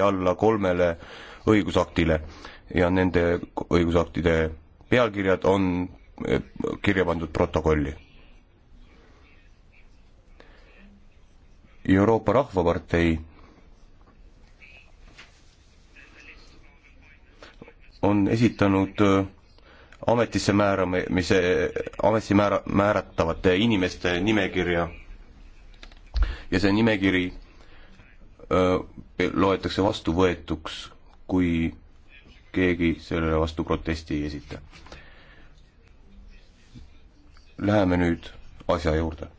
alla kolmele õigusaktile ja nende õigusaktide pealkirjad on eh, kirja pandud protokolli. Euroopa Rahvapartei on esitanud eh, ametisse määramise, ametisse määra, määratavate inimeste nimekirja ja see nimekiri loetakse vastuvõetuks, kui keegi sellele vastu protesti ei esita. Läheme nüüd asja juurde